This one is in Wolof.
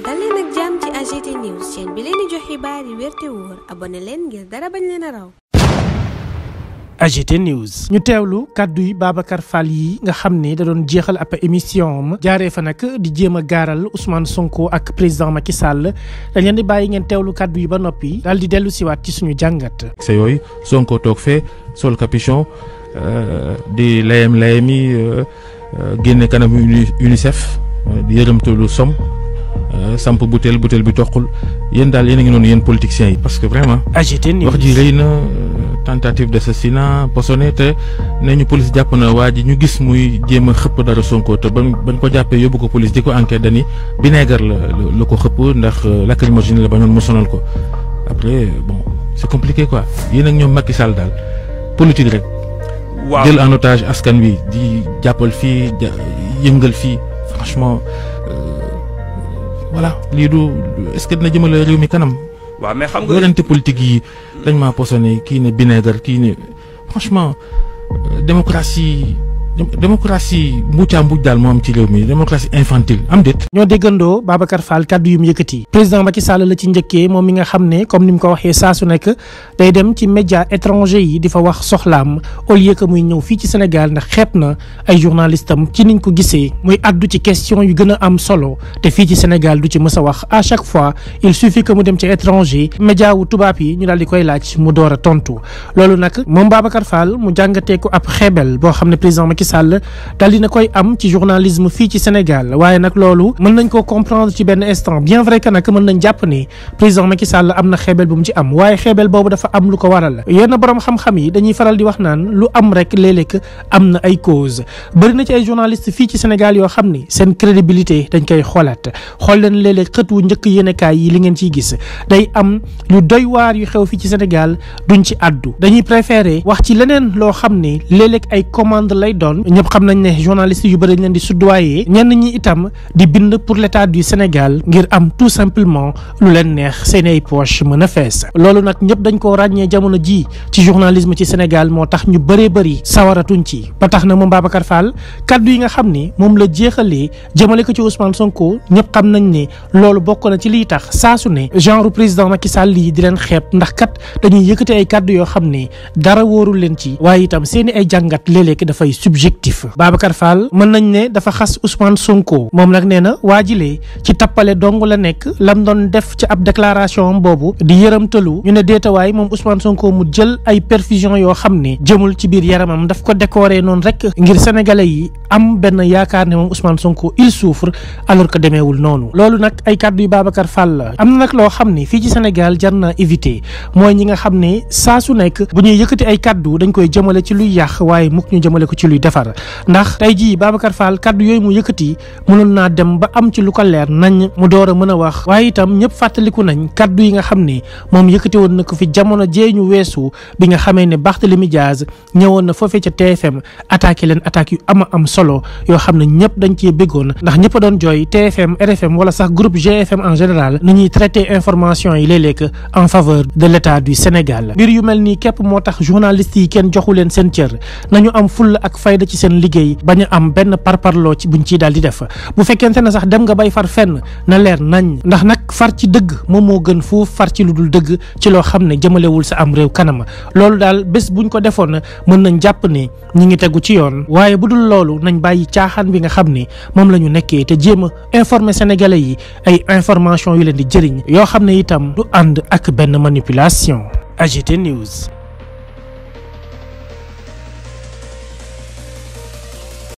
dal leen ak jàmm ci AGT news ñu teewlu kàddu yi Babacar Fall yi nga xam ni da doon jeexal ab émission am jaaree fa nag di jéem a gaaral usmaan Sonko ak président Macky Sall dañ leen di bàyyi ngeen teewlu kàddu yi ba noppi daal di dellu siwaat ci suñu jàngat. sa yooyu Sonko toog fee sol capuchon euh, di layam layami euh, euh, génne kanam UNICEF di yërëmtalu som Euh, samp butéel butéel bi toqul yéen daal yéen a ngi noonu yéen politiciens yi parce que vraiment. agité wax ji rëy na euh, tentative d'assassinat posonné te nee ñu police jàpp na waa ji ñu gis muy jéem a xëpp dara Sonko te ba bañ ko jàppee yóbbu ko police di ko enquête dani bineegar la la ko xëpp ndax euh, lacrymogène la bañoon mu sonal ko après bon c'est compliqué quoi yéen ak ñoom Macky Sall daal politique rek. waaw jël en otage askan wi di jàppal fii yëngal fii franchement. voilà lii du est-ce que dina jëmale réew mi kanam. waaw mais xam nga wérante politique yi dañ maa posone kii ne binaire kii ne franchement euh, démocratie. démocratie mbuucaa mbuuj daal moo am ci réew mi démocratie infantile am déet ñoo déggandoo Babacar Fall kàddu yu mu yëkkati président Macky Sall la ci njëkkee moom mi nga xam ne comme ni mu ko waxee saa su nekk day dem ci média étranger yi di fa wax soxlaam au lieu que muy ñëw fii ci Sénégal ndax xeeb na ay journaliste am ci niñ ko gisee muy addu ci question yu gën a am solo te fii ci Sénégal du ci mës a wax à chaque fois il suffit que mu dem ci étranger média wu tubaab yi ñu daal di koy laaj mu door tontu loolu nag moom Babacar Fall mu jàngatee ko ab xeebel boo xam ne président Macky Sall dal dina koy am ci journalisme fii ci Sénégal waaye nag loolu mën nañ ko comprendre ci benn instant bien vrai que nag mën nañ jàpp ni président Macky Sall am na xeebel bu mu ci am waaye xeebel boobu dafa am lu ko waral yenn borom xam-xam yi dañuy faral di wax naan lu am rek léeg am na ay cause bëri na ci ay journaliste fii ci Sénégal yoo xam ni seen crédibilité dañ koy xoolaat xool leen léeg-léeg xët wu njëkk yéenekaay yi li ngeen ciy gis day am lu doy waar yu xew fii ci Sénégal duñ ci àddu dañuy préférer wax ci leneen loo xam ni léeg ay commande lay doon yoon ñëpp xam nañ ne journaliste yu bëri leen di soudoyer ñenn ñi itam di bind pour l'état du Sénégal ngir am tout simplement lu leen neex seen ay poche mën a fees loolu nag ñëpp dañ koo ràññee jamono ji ci journalisme ci Sénégal moo tax ñu bëree bëri sawaratuñ ci ba tax na moom Babacar Fall kaddu yi nga xam ni moom la jeexalee jëmale ko ci Ousmane Sonko ñëpp xam nañ ne loolu bokk na ci liy tax saa su ne genre président Macky Sall yi di leen xeeb ndax kat dañuy yëkkati ay yoo xam ne dara wóorul leen i ay jàngat subjectif Babacar Fall mën nañ ne dafa xas Ousmane Sonko moom nag nee na waajilee ci tappale dong la nekk lam doon def ci ab déclaration boobu di yëramtalu ñu ne déetawaay moom Ousmane Sonko mu jël ay perfusion yoo xam ne jëmul ci biir yaramam daf ko décorer noonu rek ngir sénégalais yi am benn yaakaar ne moom Ousmane Sonko il souffre alors que demeewul noonu loolu nag ay kàddu yu Babacar Fall la am na nag loo xam ne fii ci Sénégal jar na éviter mooy ñi nga xam ne saa su nekk bu ñuy yëkkati ay kàddu dañ koy jëmale ci luy yàq waaye defar ndax tey jii Babacar Fall kaddu yooyu mu yëkkati mënoon naa dem ba am ci lu ko leer nañ mu door a mën a wax waaye itam ñëpp fàttaliku nañ kaddu yi nga xam ne moom yëkkati woon na ko fi jamono jee ñu weesu bi nga xamee ne Barthélémy Diaz ñëwoon na foofee ca TFM attaqué leen attaque yu ama am solo yoo xam ne ñëpp dañ cee béggoon ndax ñëpp doon jooy TFM RFM wala sax groupe GFM en général ni ñuy traité information yi léeg-léeg en faveur de l'état du Sénégal mbir yu mel nii képp moo tax journalistes yi kenn joxu leen seen cër da ci seen liggéey bañ a am benn parparloo ci buñ ci daal di def bu fekkente ne sax dem nga bay far fenn na leer nañ ndax nag far ci dëgg moom moo gën foofu far ci lu dul dëgg ci loo xam ne jëmalewul sa am réew kanama loolu daal bés buñ ko defoon mën nañ jàpp ne ñi ngi tegu ci yoon waaye bu dul loolu nañ bàyyi caaxaan bi nga xam ne moom la ñu nekkee te jéem a informer sénégalais yi ay information yu leen di jëriñ yoo xam ne itam du ànd ak benn manipulation AGT News